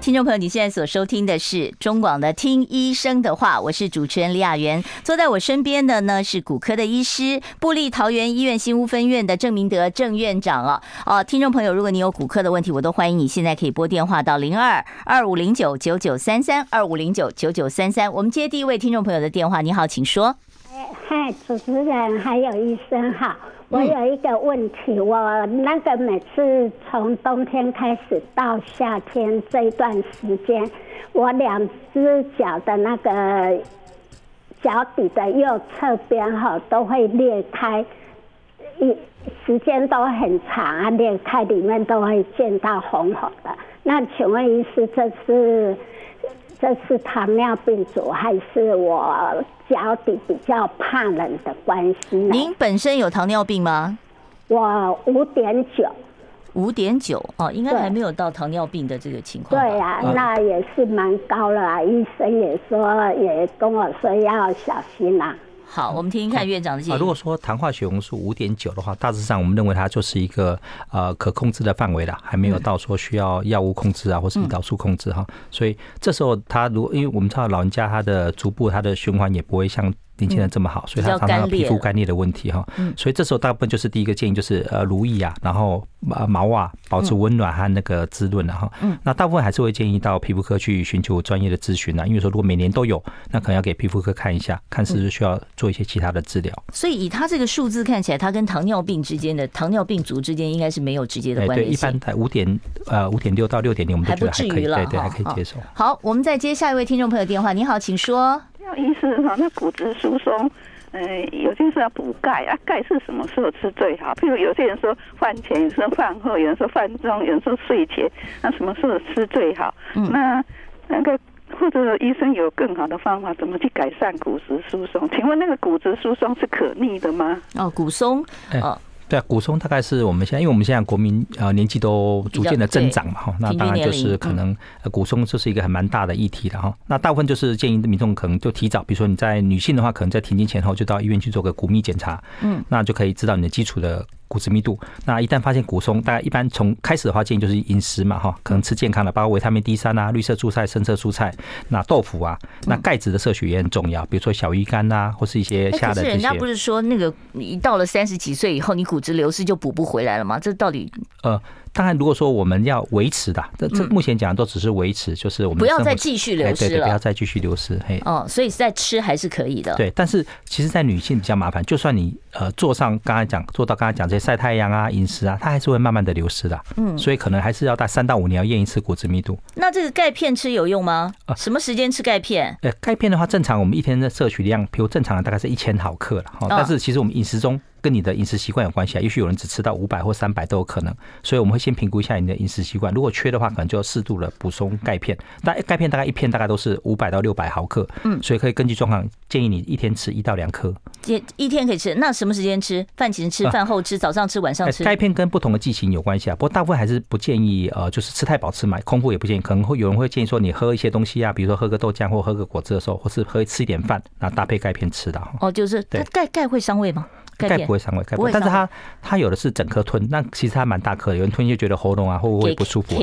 Speaker 1: 聽眾朋友，你現在所收聽的是中廣的《聽醫生的話》，我是主持人李雅媛。坐在我身邊的呢是骨科的醫師，部立桃園醫院新屋分院的鄭明德鄭院長哦。哦，聽眾朋友，如果你有骨科的問題，我都歡迎你，現在可以撥電話到零二二五零九九九三三二五零九九九三三，我們接第一位聽眾朋友的電話。你好，請說。
Speaker 4: 嗨，hey, 主持人還有醫生好，我有一個問題，嗯、我那個每次從冬天開始到夏天
Speaker 1: 這一段時間，我兩隻腳的那個腳底的右側邊哈都會裂開，一時間都很長，啊，裂開裡面都會見到紅紅的。那請問
Speaker 4: 醫師這是？這是糖尿病足，還是我腳底比較怕冷的關係呢？您
Speaker 1: 本身有糖尿病嗎？
Speaker 4: 我五點九，
Speaker 1: 五點九哦，應該還沒有到糖尿病的這個情況。對，對啊，那
Speaker 4: 也是蠻高了，嗯、醫生也說，也跟我說要
Speaker 1: 小心啦、啊。
Speaker 2: 好，我們聽聽看院長的建議、啊。如果說糖化血紅素五點九的話，大致上，我們認為它就是一個呃可控制的範圍了，還沒有到說需要藥物控制啊，嗯、或是胰島素控制哈、啊。所以這時候它如果，因為我們知道老人家他的足部，他的循環也不會像，年輕人這麼好，嗯、所以他常常皮膚乾裂的問題哈。嗯、所以這時候大部分就是第一個建議就是呃，乳液啊，然後毛襪啊，保持溫暖和那個滋潤的哈。嗯，那大部分還是會建議到皮膚科去尋求專業的諮詢啊，因為說如果每年都有，那可能要給皮膚科看一下，看是不是需要做一些其他的治療。
Speaker 1: 所以以他這個數字看起來，他跟糖尿病之間的
Speaker 2: 糖尿病足之間應該是沒有直接的關聯。對，一般在五點呃五點六到六點零，我們都覺得還可以，還不至於了，對，對，對，還可以接受。好。
Speaker 4: 好，我們再接下一位聽眾朋友電話。你好，請說。要醫生哈，那骨質疏鬆，嗯、呃，有些是要補鈣啊，鈣是什麼時候吃最好？譬如有些人說飯前，有時候，飯後，有人說飯中，有人說睡前，那什麼時候吃最好？那那個或者醫生有更好的方法，怎麼去改善骨質疏鬆？請問那個骨質疏鬆是可逆的嗎？哦，骨鬆，
Speaker 2: 哎哦對啊，骨鬆大概是我們現在，因為我們現在國民呃年紀都逐漸的增長嘛哈，那當然就是可能骨鬆這是一個很蠻大的議題的哈。嗯、那大部分就是建議民眾可能就提早，比如說你在女性的話，可能在停經前後就到醫院去做個骨密檢查，嗯，那就可以知道你的基礎的。骨質密度，那一旦發現骨鬆，大家一般從開始的話，建議就是飲食嘛，哈，可能吃健康的，包括維他命 D 三啊，綠色蔬菜、深色蔬菜，那豆腐啊，那鈣質的攝取也很重要，嗯、比如說小魚乾啊，或是一些蝦的這些、欸、可是人家不是
Speaker 1: 說那個一到了三十幾歲以後，你骨質流失就補不回來了嗎？這到底？
Speaker 2: 呃。當然，如果說我們要維持的，這目前講的都只是維持，嗯、就是我們不要再繼續流失了，對對對，不要再繼續流失。嘿，哦，
Speaker 1: 所以在吃還是可
Speaker 2: 以的。對，但是其實，在女性比較麻煩，就算你呃做上剛才講做到剛才講這些曬太陽啊、飲食啊，它還是會慢慢的流失的。嗯，所以可能還是要在三到五年你要驗一次骨質密度。
Speaker 1: 那這個鈣片吃有用嗎？什麼時間吃鈣片？
Speaker 2: 誒、呃，鈣、呃、片的話，正常我們一天的攝取量，比如正常的大概是一千毫克了哈。哦、但是其實我們飲食中。跟你的飲食習慣有關係啊，也許有人只吃到五百或三百都有可能，所以我們會先評估一下你的飲食習慣。如果缺的話，可能就要適度的補充鈣片。大概，鈣片大概一片大概都是五百到六百毫克，嗯，所以可以根據狀況建議你一天吃一到兩顆。嗯。
Speaker 1: 一天可以吃，那什麼時間吃？飯前吃、飯後吃、早上吃、晚上吃？吃。啊、欸、鈣片
Speaker 2: 跟不同的劑型有關係啊，不過大部分還是不建議呃，就是吃太飽吃嘛，空腹也不建議。可能會有人會建議說，你喝一些東西啊，比如說喝個豆漿或喝個果汁的時候，或是喝吃一點飯，然後搭配鈣片吃的。
Speaker 1: 哦，就是它鈣鈣對會傷胃嗎？鈣不會
Speaker 2: 傷胃，鈣不會，但是它它有的是整顆吞，那其實它蠻大顆，有人吞就覺得喉嚨啊會不會不舒服？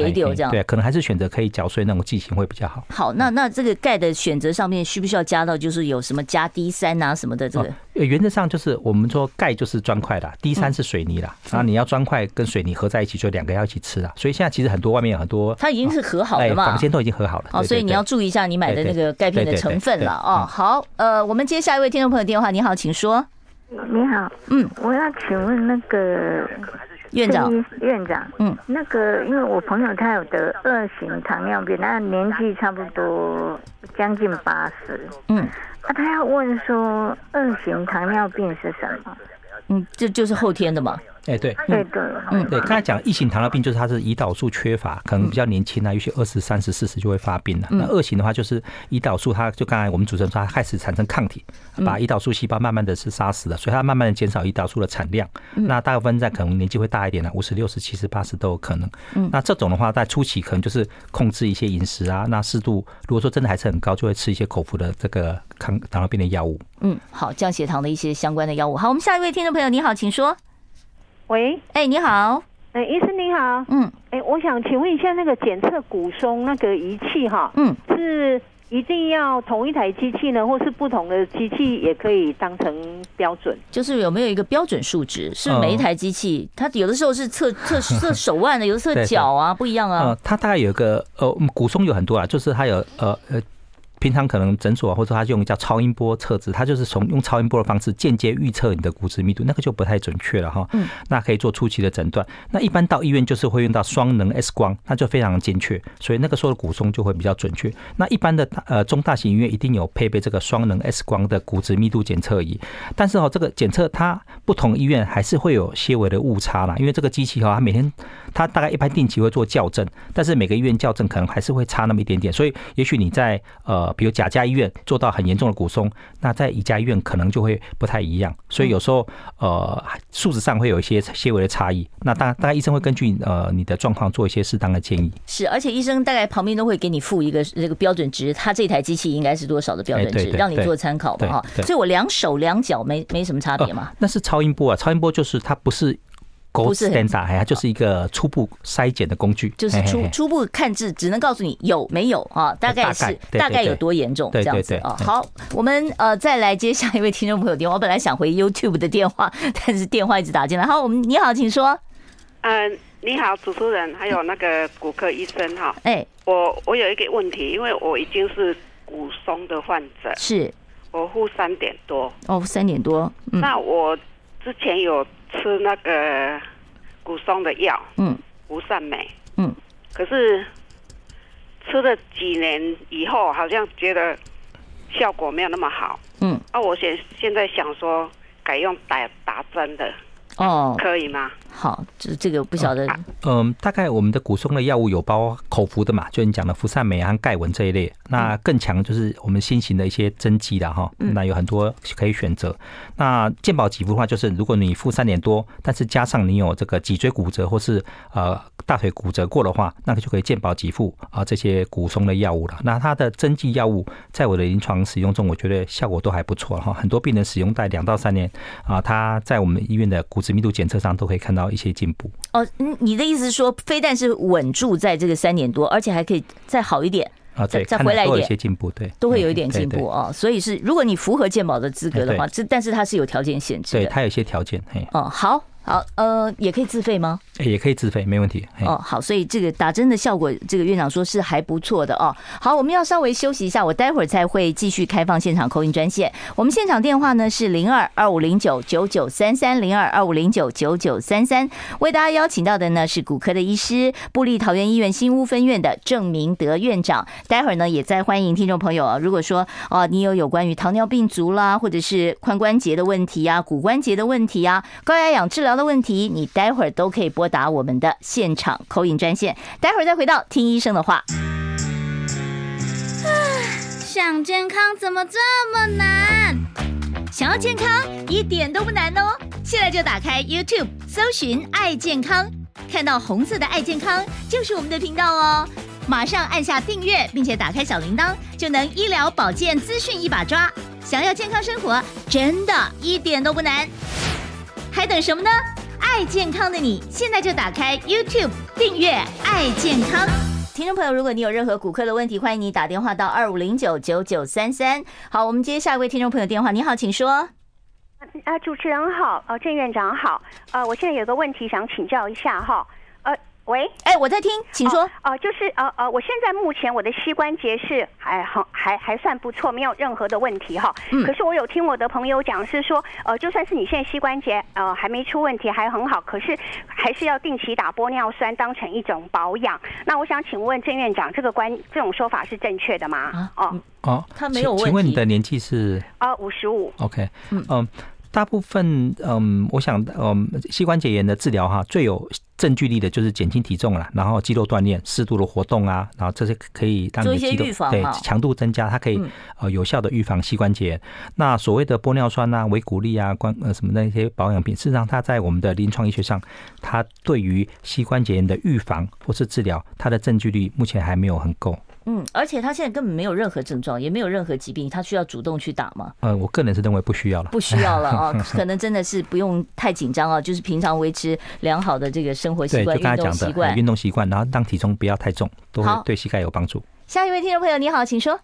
Speaker 2: 對，可能還是選擇可以嚼碎那種劑型會比較好。
Speaker 1: 好，那那這個鈣的選擇上面需不需要加到？就是有什麼加 D 三啊什麼的？這個、
Speaker 2: 哦、原則上就是我們說鈣就是磚塊的，D 三是水泥了，那你要磚塊跟水泥合在一起，就兩個要一起吃了、啊。所以現在其實很多外面很多它
Speaker 1: 已經是合好了嘛，哎、房間
Speaker 2: 都已經合好了，哦、所以你要注意一下你買的那個鈣片的成分了哦。
Speaker 1: 好，呃，我們接下一位聽眾朋友電話，你好，請說。你好，嗯，我要請問那個院長，院長，嗯，那個因為我朋友他有得二型糖尿病，那年紀差不多將近八十，嗯，啊，他要問說二型糖尿病是什麼？嗯，這就是後天的嘛。
Speaker 2: 哎，欸、對、嗯，
Speaker 4: 對
Speaker 1: 的，
Speaker 2: 嗯，對，剛才講一型糖尿病就是它是胰島素缺乏，可能比較年輕啊，有些二十三十四十就會發病了、啊。那二型的話就是胰島素，它就剛才我們主持人說它開始產生抗體，把胰島素細胞慢慢的是殺死了，所以它慢慢的減少胰島素的產量。那大部分在可能年紀會大一點了，五十六十七十八十都有可能。嗯，那這種的話在初期可能就是控制一些飲食啊，那適度如果說真的還是很高，就會吃一些口服的這個抗糖尿病的藥物。嗯，
Speaker 1: 好，降血糖的一些相關的藥物。好，我們下一位聽眾朋友，你好，請說。喂，
Speaker 4: 哎、欸，你好，哎、欸，醫生你好，嗯，哎、欸，我想請問一下那個檢測骨鬆那個儀器哈，嗯，是一定要同一台機器呢，或是不同的機器也可以當成標準？
Speaker 1: 就是有沒有一個標準數值？是每一台機器，呃、它有的時候是測測測手腕的， [laughs] 有的時候腳啊，不一樣啊。呃、
Speaker 2: 它大概有一個呃，骨鬆有很多啊，就是它有呃呃。呃平常可能診所或者他用叫超音波測值，他就是從用超音波的方式間接預測你的骨質密度，那個就不太準確了哈。嗯。那可以做初期的診斷。那一般到醫院就是會用到雙能 X 光，那就非常精確，所以那個時候的骨鬆就會比較準確。那一般的呃中大型醫院一定有配備這個雙能 X 光的骨質密度檢測儀，但是哦，這個檢測它不同醫院還是會有些微的誤差啦，因為這個機器哈，它每天它大概一般定期會做校正，但是每個醫院校正可能還是會差那麼一點點，所以也許你在呃。比如甲家醫院做到很嚴重的骨鬆，那在乙家醫院可能就會不太一樣，所以有時候呃，數值上會有一些些微的差異。那當然，當然醫生會根據呃你的狀況做一些適當的建議。
Speaker 1: 是，而且醫生大概旁邊都會給你附一個這個標準值，他這台機器應該是多少的標準值，欸、對對對，讓你做參考嘛哈。對對對，所以我兩手兩腳沒沒什麼差別嘛、呃。
Speaker 2: 那是超音波啊，超音波就是它不是。不是就是一個初步篩檢的工具，就是初初
Speaker 1: 步看字，只能告訴你有沒有啊，大概是大概有多嚴重這樣子啊。好，我們呃再來接下一位聽眾朋友電話。我本來想回 YouTube 的電話，但是電話一直打進來。好，我們你好，請說。嗯，
Speaker 4: 你好，主持人還有那個骨科醫生哈。哎，我我有一個問題，因為我已經是骨鬆的患者，是我負三點多，哦，三點多，那我之前有。吃那個骨鬆的藥，嗯，福善美，嗯，可是吃了幾年以後，好像覺得效果沒有那麼好，嗯，啊，我現現在想說改用打打針的，
Speaker 2: 哦，可以嗎？好，就是這個不曉得嗯、啊。嗯，大概我們的骨鬆的藥物有包口服的嘛，就你講的福善美和鈣穩這一類。那更強就是我們新型的一些針劑的哈，那有很多可以選擇。那健保給付的話，就是如果你負三年多，但是加上你有這個脊椎骨折或是呃大腿骨折過的話，那個就可以健保給付啊這些骨鬆的藥物了。那它的針劑藥物在我的臨床使用中，我覺得效果都還不錯哈。很多病人使用在兩到三年啊，他在我們醫院的骨質密度檢測上都可以看到。一些進步
Speaker 1: 哦，你的意思是說，非但是穩住在這個三年多，而且還可以再好一點啊，再再回來一點，一些進
Speaker 2: 步，對，都會有一點進步啊、哦。
Speaker 1: 所以是，如果你符合健保的資格的話，這但是它是有條件限制，對，它
Speaker 2: 有一些條件，嘿，
Speaker 1: 哦，好。好，呃，也可以自費嗎？
Speaker 2: 哎，也可以自費，沒問題。哦，
Speaker 1: 好，所以這個打針的效果，這個院長說是還不錯的哦。好，我們要稍微休息一下，我待會兒才會繼續開放現場 call in 專線。我們現場電話呢是零二二五零九九九三三零二二五零九九九三三。為大家邀請到的呢是骨科的醫師，部立桃園醫院新屋分院的鄭明德院長。待會兒呢，也再歡迎聽眾朋友啊。如果說啊，你有有關於糖尿病足啦，或者是髖關節的問題呀、啊，骨關節的問題呀、啊，高壓氧治療。的問題，你待會兒都可以撥打我們的現場 call-in 專線。待會兒再回到聽醫生的話。唉，想健康怎麼這麼難？想要健康一點都不難哦！現在就打開 YouTube，搜尋“愛健康”，看到紅色的“愛健康”就是我們的頻道哦。馬上按下訂閱，並且打開小鈴鐺，就能醫療保健資訊一把抓。想要健康生活，真的一點都不難。還等什麼呢？愛健康的你，現在就打開 YouTube 訂閱“愛健康”。聽眾朋友，如果你有任何骨科的問題，歡迎你打電話到二五零九九九三三。好，我們接下一位聽眾朋友電話。你好，請說。
Speaker 4: 啊、呃，主持人好，哦、呃，鄭院長好，啊、呃，我現在有個問題想請教一下哈。餵，哎、欸，我在聽，請說。哦、呃，就是，呃呃，我現在目前我的膝關節是還好，還還算不錯，沒有任何的問題哈。哦嗯、可是我有聽我的朋友講，是說，呃，就算是你現在膝關節呃還沒出問題，還很好，可是還是要定期打玻尿酸，當成一種保養。那我想請問鄭院長，這個關這種說法是正確的嗎？啊，哦，
Speaker 2: 哦，他沒有問題。請，請問你的年紀是？
Speaker 4: 啊、呃，五十
Speaker 3: 五。
Speaker 2: OK，嗯。嗯大部分嗯，我想嗯，膝關節炎的治療哈、啊，最有證據力的就是減輕體重啦，然後肌肉鍛鍊、適度的活動啊，然後這些可以讓你肌肉做一些預防對，強度增加，它可以、嗯、呃有效的預防膝關節炎。那所謂的玻尿酸啊、維骨力啊、關呃什麼那些保養品，事實上它在我們的臨床醫學上，它對於膝關節炎的預防或是治療，它的證據力目前還沒有很夠。
Speaker 1: 嗯，而且他現在根本沒有任何症狀，也沒有任何疾病，他需要主動去打嗎？
Speaker 2: 呃，我個人是認為不需要了，不需要了啊、哦， [laughs] 可能
Speaker 1: 真的是不用太緊張啊、哦，就是平常維持良好的這個生活習慣、對、就剛才講的、運動習慣、呃、運
Speaker 2: 動習慣，然後讓體重不要太重，都會對膝蓋有幫助。
Speaker 1: 下一位聽眾朋友，你好，請說。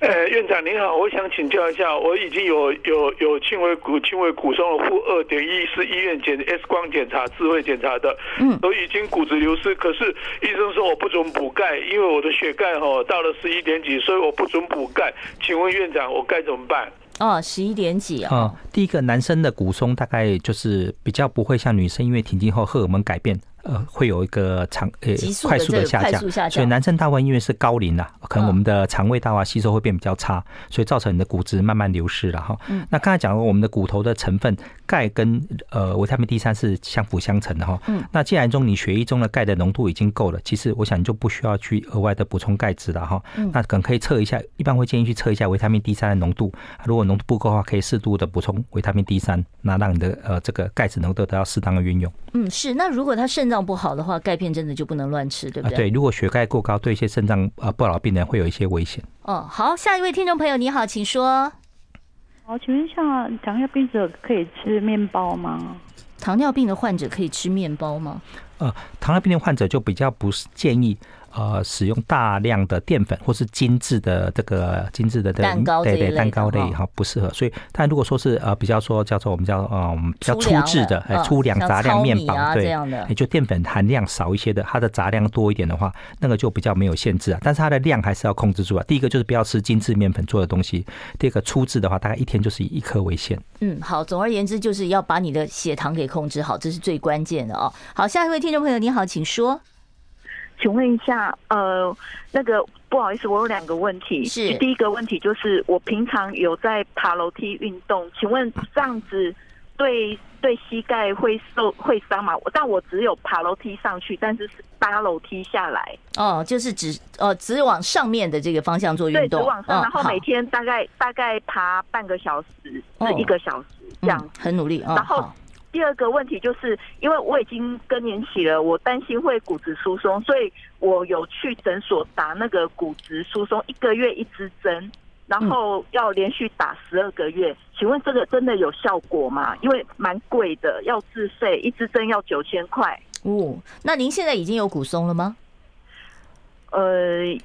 Speaker 3: 呃，院長您好，我想請教一下，我
Speaker 4: 已經有有有輕微骨輕微骨鬆的，負二點一，是醫院檢 X 光檢查、智慧檢查的，嗯，都已經骨質流失，可是醫生說我不准補鈣，因為我的血鈣哈、哦、到了十一點幾，所以我不準補鈣。請問院長，我該怎麼辦？
Speaker 1: 哦，十一點幾啊、哦？
Speaker 2: 啊、呃，第一個男生的骨鬆大概就是比較不會像女生，因為停經後荷爾蒙改變。呃，會有一個長，呃速快速的下降，下降，所以男生大部分因為是高齡吶、啊，可能我們的腸胃道啊吸收會變比較差，所以造成你的骨質慢慢流失了哈、哦。嗯、那剛才講了我們的骨頭的成分鈣跟呃維他命 D 三是相輔相成的哈、哦。嗯，那既然中你血液中的鈣的濃度已經夠了，其實我想你就不需要去額外的補充鈣質了哈、哦。嗯、那可能可以測一下，一般會建議去測一下維他命 D 三的濃度，如果濃度不夠的話，可以適度的補充維他命 D 三，那讓你的呃這個鈣質濃度得到適當的運用。
Speaker 1: 嗯，是。那如果他腎臟不好的話，鈣片真的就不能亂吃，對不對？啊、對，
Speaker 2: 如果血鈣過高，對一些腎臟、呃、不好的病人會有一些危險。
Speaker 1: 哦，好，下一位聽眾朋友你好，請說。好，請問一下，糖尿病者可以吃麵包嗎？糖尿病的患者可以吃麵包嗎？
Speaker 2: 呃、糖尿病的患者就比較不建議。呃，使用大量的澱粉或是精緻的這個精緻的蛋糕類的，對，對對，蛋糕類哈、哦、不適合。所以，但如果說是呃比較說叫做我們叫嗯比較粗制的，粗糧、哦、雜糧粘、啊、麵包，對，這樣的也就澱粉含量少一些的，它的雜糧多一點的話，那個就比較沒有限制啊。但是它的量還是要控制住啊。第一個就是不要吃精緻麵粉做的東西，第二個粗制的話，大概一天就是以一顆為限。
Speaker 1: 嗯，好，總而言之，就是要把你的血糖給控制好，這是最關鍵的哦。好，下
Speaker 4: 一位聽眾朋友，你好，請說。請問一下，呃，那個不好意思，我有兩個問題。是第一個問題就是，我平常有在爬樓梯運動，請問這樣子對對膝蓋會受會傷嗎？我但我只有爬樓梯上去，但是是搭樓梯下來。
Speaker 1: 哦，就是只呃只往上面的這個方向做運動。對，只往上。哦，然後每天
Speaker 4: 大概大概爬半個小時到一個小時這
Speaker 1: 樣，哦嗯，很努力啊。然後。
Speaker 4: 哦第二個問題就是，因為我已經更年期了，我擔心會骨質疏鬆，所以我有去診所打那個骨質疏鬆，一個月一支針，然後要連續打十二個月。嗯。請問這個真的有效果嗎？因為蠻貴的，要自費，一支針要九千塊。
Speaker 1: 哦，那您現在已經有骨鬆了嗎？
Speaker 4: 呃。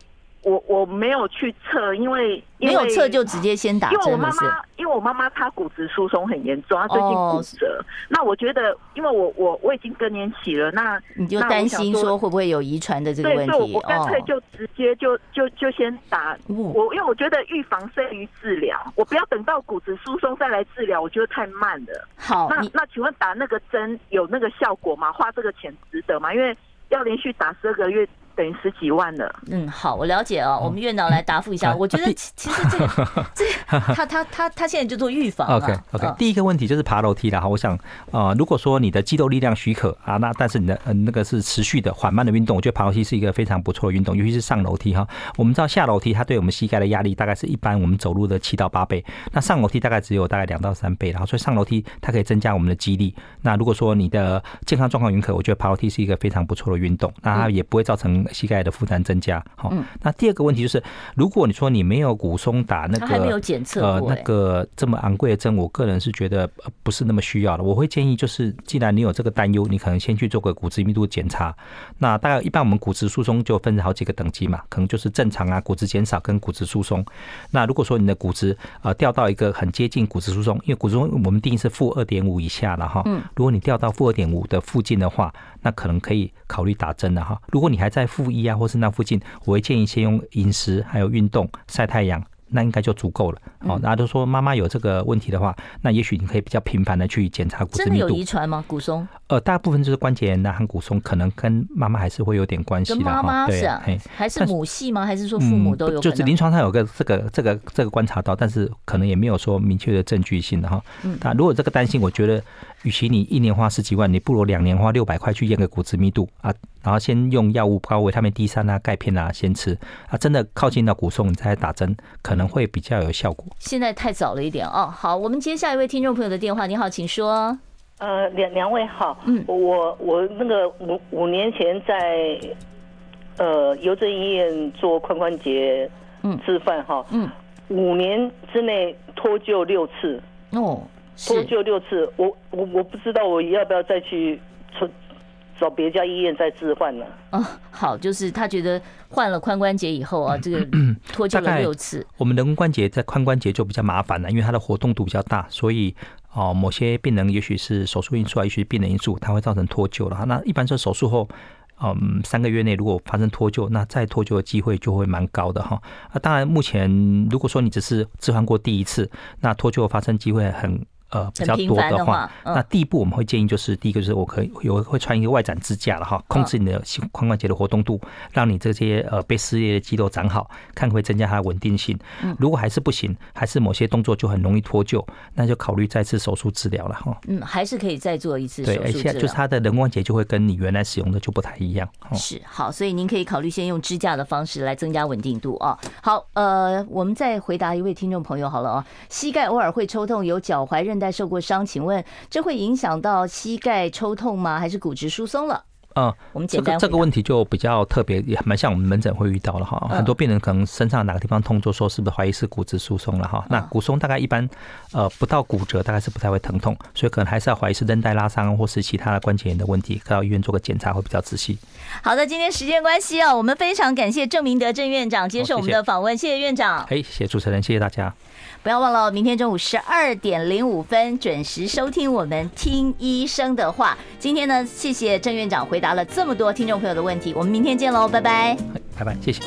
Speaker 4: 我我沒有去測，因為沒有測就直接先打。因為我媽媽，因為我媽媽她骨質疏鬆很嚴重，她最近骨折。那我覺得，因為我我我已經更年期了，那你就擔心說
Speaker 1: 會不會有遺傳的這個問題？對，對，我乾脆
Speaker 4: 就直接就就就，就先打我，因為我覺得預防勝於治療，我不要等到骨質疏鬆再來治療，我覺得太慢了。好，那那請問打那個針有那個效果嗎？花這個錢值得嗎？因為要連續打十二個月。等於十幾萬的，嗯，
Speaker 1: 好，我了解哦，我們院長來答覆一下。嗯、我覺得其實這這他他他他
Speaker 4: 現在就做預防
Speaker 1: OK OK、嗯。第一
Speaker 2: 個問題就是爬樓梯啦，我想啊、呃，如果說你的肌肉力量許可啊，那但是你的、呃、那個是持續的緩慢的運動，我覺得爬樓梯是一個非常不錯的運動，尤其是上樓梯哈。我們知道下樓梯它對我們膝蓋的壓力大概是一般我們走路的七到八倍，那上樓梯大概只有大概兩到三倍，然後所以上樓梯它可以增加我們的肌力。那如果說你的健康狀況允可，我覺得爬樓梯是一個非常不錯的運動，那它也不會造成。膝蓋的負擔增加，好、嗯。那第二個問題就是，如果你說你沒有骨鬆打那個他還沒有檢測、欸、呃，那個這麼昂貴的針，我個人是覺得不是那麼需要的。我會建議就是，既然你有這個擔憂，你可能先去做個骨質密度檢查。那大概一般我們骨質疏鬆就分成好幾個等級嘛，可能就是正常啊，骨質減少跟骨質疏鬆。那如果說你的骨質啊、呃、掉到一個很接近骨質疏鬆，因為骨質我們定義是負二點五以下了哈。嗯、如果你掉到負二點五的附近的話，那可能可以考慮打針的哈。如果你還在負一啊，或是那附近，我會建議先用飲食、還有運動、曬太陽，那應該就足夠了、嗯、哦。大家都說媽媽有這個問題的話，那也許你可以比較頻繁的去檢查骨密度。真的有遺傳
Speaker 1: 嗎？骨鬆？
Speaker 2: 呃，大部分就是關節炎吶，和骨鬆可能跟媽媽還是會有點關係的哈、啊啊，對，還
Speaker 1: 是母系嗎？是還是說父母都有、嗯？就是臨
Speaker 2: 床上有個這個、這個、這個觀察到，但是可能也沒有說明確的證據性的哈。嗯，那如果這個擔心，我覺得，與其你一年花十幾萬，你不如兩年花六百塊去驗個骨質密度啊，然後先用藥物包，包括維他命 D 三吶、啊、鈣片吶、啊，先吃啊。真的靠近到骨鬆，你再來打針，可能會比較有效果。
Speaker 1: 現在太早了一點哦。好，我們接下一位聽眾朋友的電話。你好，請說。
Speaker 4: 呃，兩兩位好，嗯，我我那個五五年前在呃郵政醫院做髖關節置換哈，嗯，五年之內脫臼六次，哦，脫臼六次，我我我不知道我要不要再去找找別家醫院再置換了。
Speaker 1: 哦，好，就是他覺得換了髖關節以後啊，這個脫臼了六次，嗯
Speaker 2: 嗯、我們人工關節在髖關節就比較麻煩了，因為它的活動度比較大，所以。哦，某些病人也許是手術因素啊，也許是病人因素，它會造成脫臼了哈。那一般是手術後，嗯，三個月內如果發生脫臼，那再脫臼的機會就會蠻高的哈。啊，當然，目前如果說你只是置換過第一次，那脫臼發生機會很。呃，比較多的話，的話那第一步我們會建議就是，第一個就是我可以有會穿一個外展支架了哈，控制你的膝髖關節的活動度，讓你這些呃被撕裂的肌肉長好，看會增加它的穩定性。嗯、如果還是不行，還是某些動作就很容易脫臼，那就考慮再次手術治療了哈。嗯，
Speaker 1: 還是可以再做一次手術治療，對欸、就是它
Speaker 2: 的人工關節就會跟你原來使用的就不太一樣。是
Speaker 1: 好，所以您可以考慮先用支架的方式來增加穩定度啊、哦。好，呃，我們再回答一位聽眾朋友好了哦，膝蓋偶爾會抽痛，有腳踝韌。在受過傷，請問這會影響到膝蓋抽痛嗎？還是骨質疏鬆了？
Speaker 2: 嗯，我們簡單、這個、這個問題就比較特別，也蠻像我們門診會遇到的哈。很多病人可能身上哪個地方痛，就說是不是懷疑是骨質疏鬆了哈？嗯、那骨鬆大概一般呃不到骨折，大概是不太會疼痛，所以可能還是要懷疑是韌帶拉傷或是其他的關節炎的問題，可到醫院做個檢查會比較仔細。
Speaker 1: 好的，今天時間關係哦，我們非常感謝鄭明德鄭院長接受我們的訪問，哦、謝、謝、謝謝院長。哎，
Speaker 2: 謝謝主持人，謝謝大家。
Speaker 1: 不要忘了，明天中午十二點零五分準時收聽我們聽醫生的話。今天呢，謝謝鄭院長回答了這麼多聽眾朋友的問題。我們明天見嘍，拜拜。
Speaker 2: 拜拜，謝謝。